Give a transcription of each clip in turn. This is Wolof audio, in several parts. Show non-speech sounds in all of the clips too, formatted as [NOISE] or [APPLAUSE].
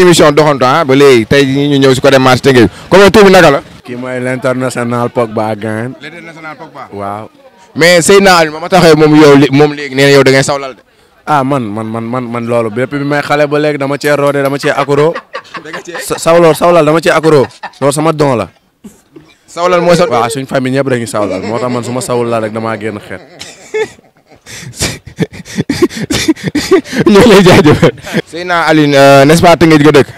émission doxantu ah ba léegi tey ñu ñëw si côté marché Tëngéej comme tur bi naka la. kii mooy l' international Pogba Gagne. l' international Pogba. waaw. mais Seydina Aliou ma ma taxee moom yow moom léegi nee yow da ngay sawlal de. ah man man man man man loolu bépp bi may xale ba léegi dama cee roode dama cee accro. [LAUGHS] sawlal sawlal dama cee accro loolu sama don la. sawlal mooy sa. waaw suñ famille ñëpp dañuy sawlal moo tax man su ma sawul la rek damaa génn xeet. [LAUGHS] ñu ngi lay jaajëfal. Seydina Alioune euh, n'est-ce pas Tëngéej dëkk.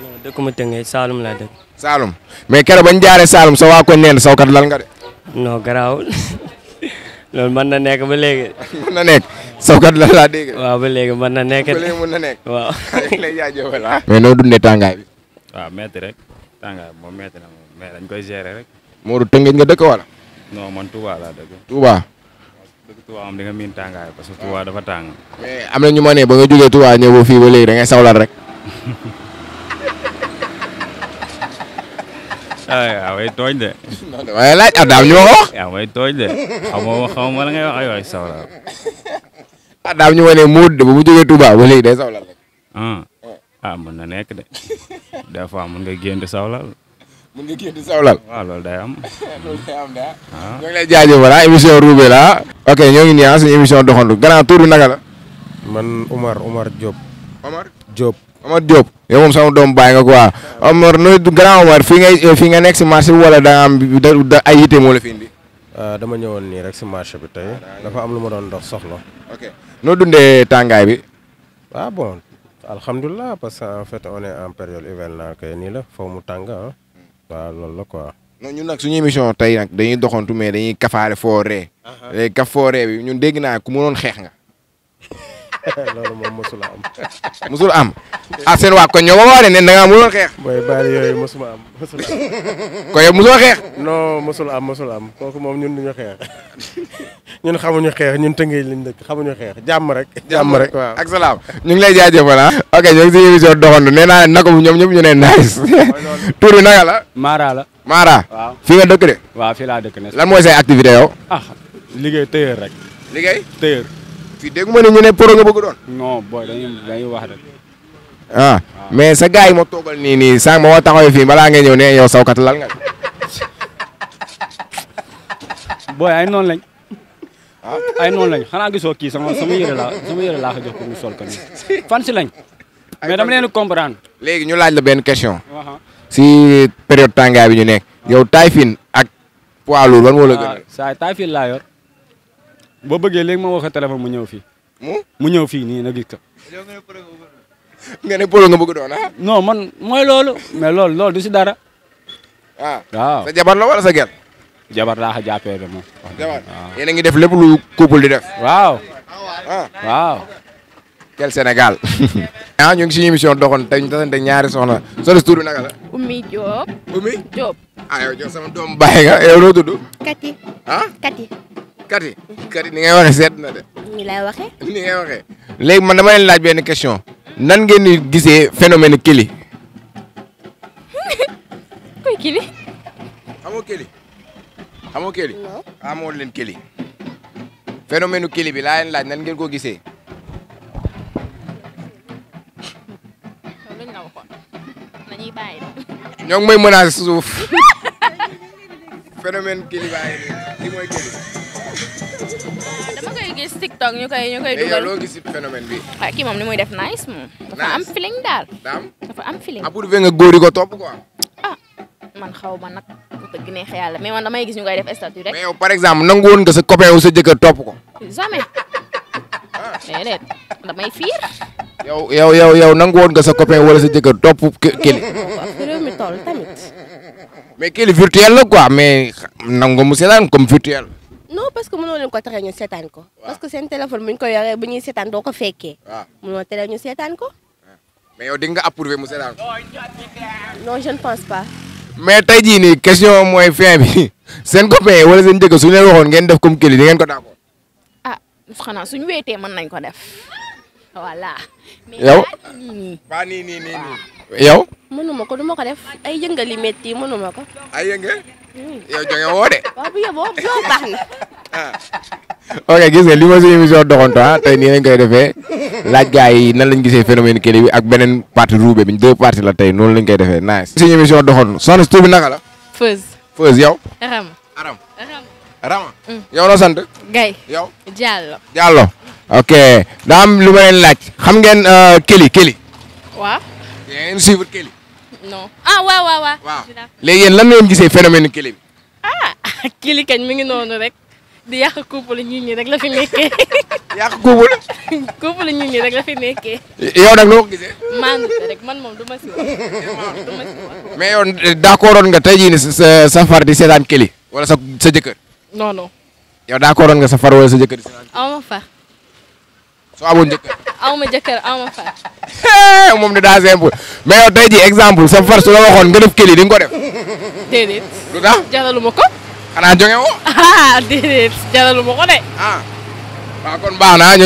non dëkkuma Saalum laa dëkk. Saalum mais keroog bañ jaare Saalum so waa ko neen saw lal nga de. non garaawul [LAUGHS] loolu mën na nekk ba léegi. [LAUGHS] mën na nekk saw lal laa dégg. waaw ba léegi mën na nekk. ba léegi mën na nekk ah. mais noo dundee tàngaay bi. waaw metti rek dañ koy gérer rek. Modou Tëngéej nga dëkk wala. non man Touba laa dëkk. Touba. dëgg Touba am di nga tàngaay parce que Touba dafa tàng. mais eh, am na ñu ma ne ba nga jógee Touba ñëw ba fii ba rek. [LAUGHS] ah waaye de. waaye laaj ah daam ñu ma ko wax. waaw de xamoo [LAUGHS] rek. Ah. ah mën na nekk de [LAUGHS] des fois mën nga mun nga génn sawlal am [LAUGHS] loolu daa ah. ñoo ngi lay ah, émission Roube la ah. ok ñoo ngi nii émission doxantu grand tour bi naka la man Omar Omar Diop Omar Diop Omar moom sama doom bàyyi nga quoi Omar nooy grand Omar fii ngay fii nga nekk si marché bi wala da am da ay yitte moo la fi indi dama ñëwoon nii rek si marché bi tey dafa am lu ma doon dox soxla ok noo dundee tàngaay bi ah bon alhamdulilah parce que en fait on est en période hivernale kay nii la foo mu tànga waaw loolu la quoi. non ñun nag suñu émission tey nag dañuy doxantu mais dañuy kafaale fooree. léegi kaf fooree bi ñun dégg naa ku noon xeex nga. [LAUGHS] loolu moom mosula am. [LAUGHS] mosul am ah seen waa kon ñoo ma wax ne da ngaa mënoon xeex. booy baal yooyu am mosula am. kon yow mosoo xeex. moom ñun duñu xeex [LAUGHS] ñun xamuñu xeex ñun tënkee liñ dëkk xamuñu xeex jàmm rek. jàmm rek waaw ak salaam ñu ngi lay jaajëfal ah. ok ñu si émission doxandu nee naa ne naka bu ñoom ñëpp ñu ne nice. tur bi naka la. Mara fii nga dëkk de. waaw fii laa dëkk ne. lan mooy say activité yow. ah rek. liggéey tëyër. fii dégg ma ne ñu ne pro nga bëgg doon. non booy dañuy dañuy wax rek. ah, ah. mais sa gars yi ma toogal nii nii sànq ma wax taxawee fii balaa ngay ñëw ne yow sawkat lal nga. booy ay noonu lañ. Ah. ay noonu lañ xanaa gisoo kii sama sama yére laa laa ko jox pour mu sol ko fan si lañ. mais dama leen comprendre. léegi ñu laaj la benn question. si période tàngaay bi ñu nekk. yow ak poids lourd ban moo la ah, saa taay fin boo bëggee léegi ma waxee téléphone mu ñëw fii. Hmm? mu ñëw fii nii na gis [LAUGHS] ne polo nga bëgg doon ah? man mooy loolu. mais loolu loolu du si dara. waaw ah. waaw sa jabar la wala sa gel jabar laa ko jàppee de moom. jabar yéen a ngi def lépp lu couple di def. waaw. ah waaw. quel Sénégal. [LAUGHS] ah ñu ngi suñu émission doxoon tey ñu tasante ñaari soxna. soxna si tudd nga yow noo kati kati ni ngay waxee seet na de. ni lay waxee. ni ngay waxee léegi man dama leen laaj benn question nan ngeen di gisee phénomène kili. [LAUGHS] kuy kili. xamoo kili. xamoo kili. xamoo leen kili. phénomène kili bi laa laaj nan ngeen ko gisee. ñoo ngi may menacer suuf [LAUGHS] phénomène kili baa ngi mooy kili. koy bi. ah kii moom ni muy def nice moom. dafa am feeling daal. am feeling. approuvé ah, nga góor yi ko topp quoi. ah man xaw ma nag bu dëgg neex yàlla mais man damay gis ñu par exemple nangu woon nga sa copain sa jëkkër topp ko. jamais. Ah. yow yow yow yow nangu woon nga sa copain wala sa jëkkër topp Kelly. mi toll tamit. mais Kelly virtuel la quoi mais nangu mu seetaan comme virtuel. non parce que mënoo leen ko tere ñu seetaan ko. parce que seen téléphone bu ñu ko yoree bu ñuy seetaan ko fekkee. waaw mënoo tere ñu seetaan ko. yow di nga approuvé mu seetaan ko. non je ne pense mais tey jii nii question mooy fin bi [LAUGHS] seen copain wala seen jëkkër su ñu leen waxoon ngeen def comme këli di ngeen ko d'accord. ah xanaa suñu weetee mën nañ ko def. voilà. yow ba nii ko du ma ko def ay yëngali métti ma ko. ay yow jóge woo de. waaw bu yóbboo loolu baax na. ok gis nga li ma suñu émission doxantu ah tey nii lañ koy defee laaj gars yi nan lañ gisee phénomène bi ak beneen partie roube bi deux parties la tey noonu lañ koy defee nice. suñu émission doxantu soxna si tur bi naka la. Feuz. Feuz yow. Rama. Rama. Mm. yow noo sant. Gaye. yow Diallo. Diallo. ok daa lu ma leen laaj. xam ngeen euh, Kelly Kelly. waaw. yaa ngi suivre non ah waaw waaw waaw. waaw léegi lan ngeen gisee phénomène kili bi. ah [LAUGHS] kili kañ mi ngi noonu rek di yàq couple ñi ñi rek la fi nekkee. [LAUGHS] yàq couple. [LAUGHS] couple ñi ñi rek fi nekkee. yow nag noo rek man moom du ma si wax du ma si wax. mais yow eh, d'accord nga tey jii nii sa sa far di seetaan kili wala sa sa jëkkër. non non. yow d'accord nga sa far wala sa jëkkër di seetaan. aw ma far. soo amoon jëkkër. [LAUGHS] aw ma jëkkër aw ma moom de daa simple mais yow tey ji exemple sa far su la waxoon nga def këli di nga ko def. déedéet. lu ko. xanaa joŋe woo. ah déedéet jaralu ma ko de. ah waaw kon baax de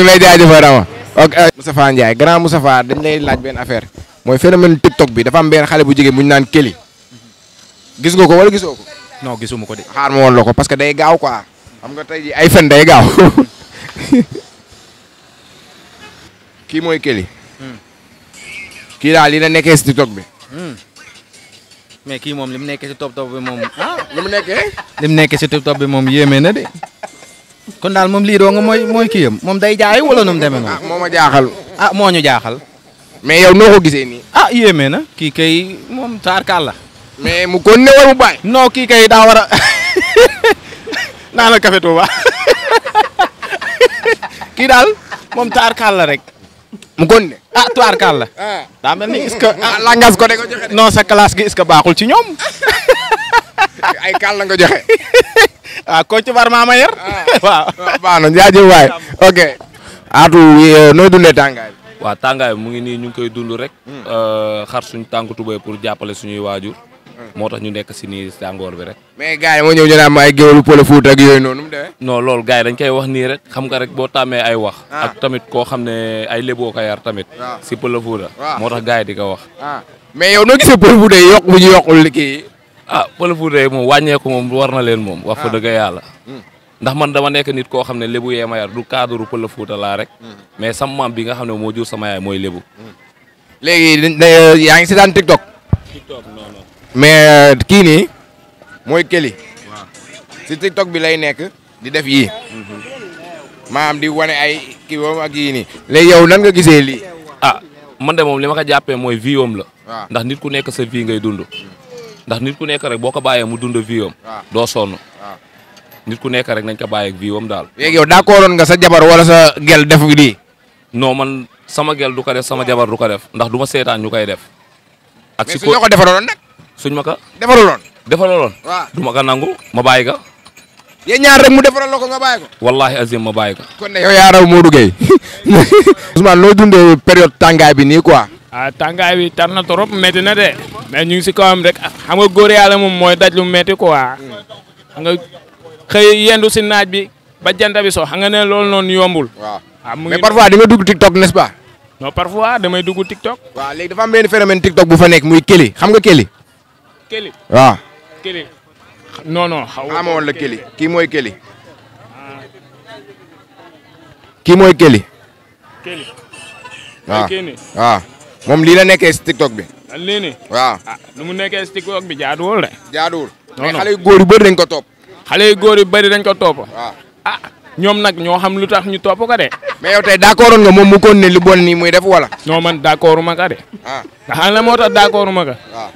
ñu euh, laaj benn affaire mooy phénomène TikTok bi dafa am benn xale bu jigéen bu ñu naan këli gis nga ko wala gisoo ko. non gisuma ko de. xaar ma woon ko parce que day gaaw quoi. xam nga tey ji ay fen day gaaw. [LAUGHS] kii mooy Kelly. Hmm. kii daal li na nekkee si TikTok bi. Hmm. mais kii moom li mu nekkee si top top bi moom. ah li mu nekkee. [LAUGHS] li mu nekkee si top moom yéeme na de. kon daal moom lii doo nga mooy mooy moom day jaay wala nu mu demee noonu. ah moo ma jaaxal. ah moo ñu jaaxal. mais yow noo ko gisee nii. ah yéeme na. kii kay moom taarkaal la. mais mu kon ne war mu bàyyi. non kii kay daa war a [LAUGHS] naa la café Touba [LAUGHS] kii daal moom taarkaal la rek. mu kon ne ah tuwaar kaal la. Ah. daa mel ni est-ce ko ah, de non sa classe gi est baaxul ci ñoom. [LAUGHS] ay kaal la nga joxe. waaw [LAUGHS] ah, koo ci bar maa ma yar. [LAUGHS] waaw baax na jaajëf waay. ok. Aatu eh, noo dundee tàngaay waaw tàngaay bi mu ngi nii ñu ngi koy dund rek. Hmm. Euh, xar suñu tànk tubéy pour jàppale suñuy waajur. moo tax ñu nekk si nii tàngoor bi rek. mais gars moo ñëw naan ma ay géwélu Pël ak yooyu noonu mu demee. non loolu dañ koy wax nii rek xam nga rek boo tàmmee ay wax. Ah. ak tamit koo xam ne ay léboo ko yar tamit. Ah. si Pël Fuuta. Ah. moo tax gars yi di ko wax. mais yow noo gisee Pël Fuuta yi yokk bu ñu yokkul kii. ah Pël Fuuta yi moom wàññeeku moom war na leen moom. wax fa dëgg yàlla. Hmm. ndax man dama nekk nit koo xam ne lébu yee ma yar du cadre Pël la laa rek. Hmm. mais sama maam bi nga xam ne moo jur sama yaay mooy lébu. Hmm. léegi yaa ngi si daan mais euh, kii nii mooy këli waaw si TikTok bi lay nekk di def yi mm-hmm. maanaam di wane ay kii boobu ak yii nii. léegi yow nan nga gisee li a ah, man de moom li ma ko jàppee mooy vie am la. ndax nit ku nekk sa vie ngay dund. ndax nit ku nekk rek boo ko bàyyee mu dund vie am. doo sonn. nit ku nekk rek nañ ko bàyyeeg vie am daal. léegi yow d'accordoon nga sa jabar wala sa gel def lii. non man sama gel du ko def sama jabar du ko def ndax du ma seetaan ñu koy def. ak si ko mais su suñ ma ka defaraloon defaraloon waaw du ma ka nangu ma bàyyi ka yéen ñaar rek mu defara la ko nga bàyyi ko wallahi azim ma bàyyi ko kon ne yow yaa raw Modou Gueye [LAUGHS] loo dundee période tàngaay bi nii quoi ah tàngaay bi tar na trop métti na de mais ñu ngi si kawam rek xam nga góor yàlla moom mooy daj lu métti quoi xam nga xëy yendu si naaj bi ba janta bi so xam nga ne loolu noon yombul waaw ah mais parfois di nga dugg TikTok n'est-ce pas non parfois damay dugg TikTok waaw léegi dafa am benn phénomène TikTok bu fa nekk muy Kelly xam nga Kelly Kelly. waaw. Ah. Kelly. non non xaw la Kelly kii mooy Kelly. kii mooy Kelly. Kelly. Ah. Ah. moom lii la nekkee si TikTok bi. lan léegi. waaw ah nu mu nekkee si TikTok bi jaaduwul de. jaaduwul. non non mais xale yu góor yu bëri dañ ko topp. xale yu yu bëri dañ ko topp. ñoom nag ñoo xam lu tax ñu topp ko de. mais yow tey d' accord moom mu kon ne lu bon nii muy def wala. non man d' accord ma ka de. waaw ah. xam la moo tax d' accord ma ka. Ah.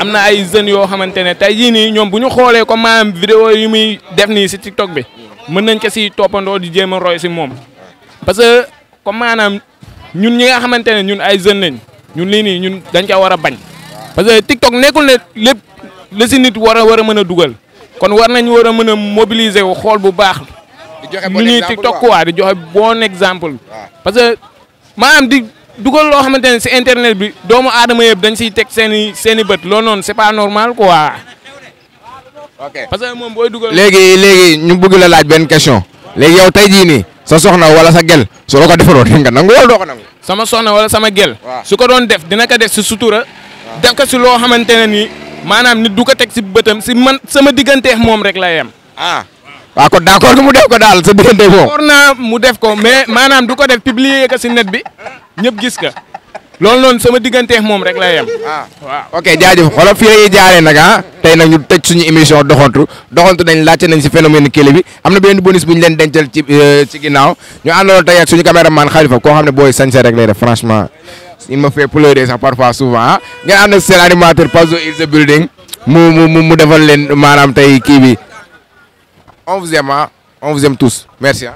am na ay jeunes yoo xamante ne tey jii nii ñoom bu ñu xoolee comme maanaam vidéo yi muy def nii si TikTok bi mën nañ ko si toppandoo di jéem a roy si moom. parce que comme maanaam ñun ñi nga xamante ne ñun ay jeunes lañ ñun lii nii ñun dañ ca war a bañ. parce que TikTok nekkul ne lépp la si nit war a war a mën a dugal. kon war nañ war a mën a mobiliser wu xool bu baax. ñu ñuy TikTok quoi di joxe bon exemple. parce que maanaam di dugal loo xamante ne si internet bi doomu aadama yëpp dañ siy teg seen i seen bët loo noon c'est pas normal quoi. ok parce que moom booy dugal. léegi léegi ñu bëgg la laaj benn question léegi yow tey jii nii sa soxna wala sa gel soo la ko defaroo di nga nangu wala doo ko nangu. sama soxna wala sama gel. su ko doon def dina ko def si sutura. def ko si loo xamante ne nii maanaam ni du ko teg si bëtam si man sama digganteex moom rek la yem. ah waaw kon d' mu def ko daal sa diggante moom. d'accord naa mu def ko mais maanaam du ko def publier ko si net bi ñëpp gis ka loolu noonu sama digganteex moom rek lay yem. waaw ah. ok jaajëf xoolal fii la ñuy jaaree nag ah tey nag ñu tëj suñu émission doxantu doxantu nañ laajte nañ si phénomène kële bi am na benn bonus bu ñu leen dencal ci euh, ci ginnaaw ñu àndaloon tey ak suñu caméraman Khalifa koo xam ne booy sañse rek lay def franchement il me fait pleurer sax parfois souvent ah ngeen ànd ak seen animateur mu mu leen maanaam tey kii bi. on vous aime, hein? on vous aime tous. Merci. Hein?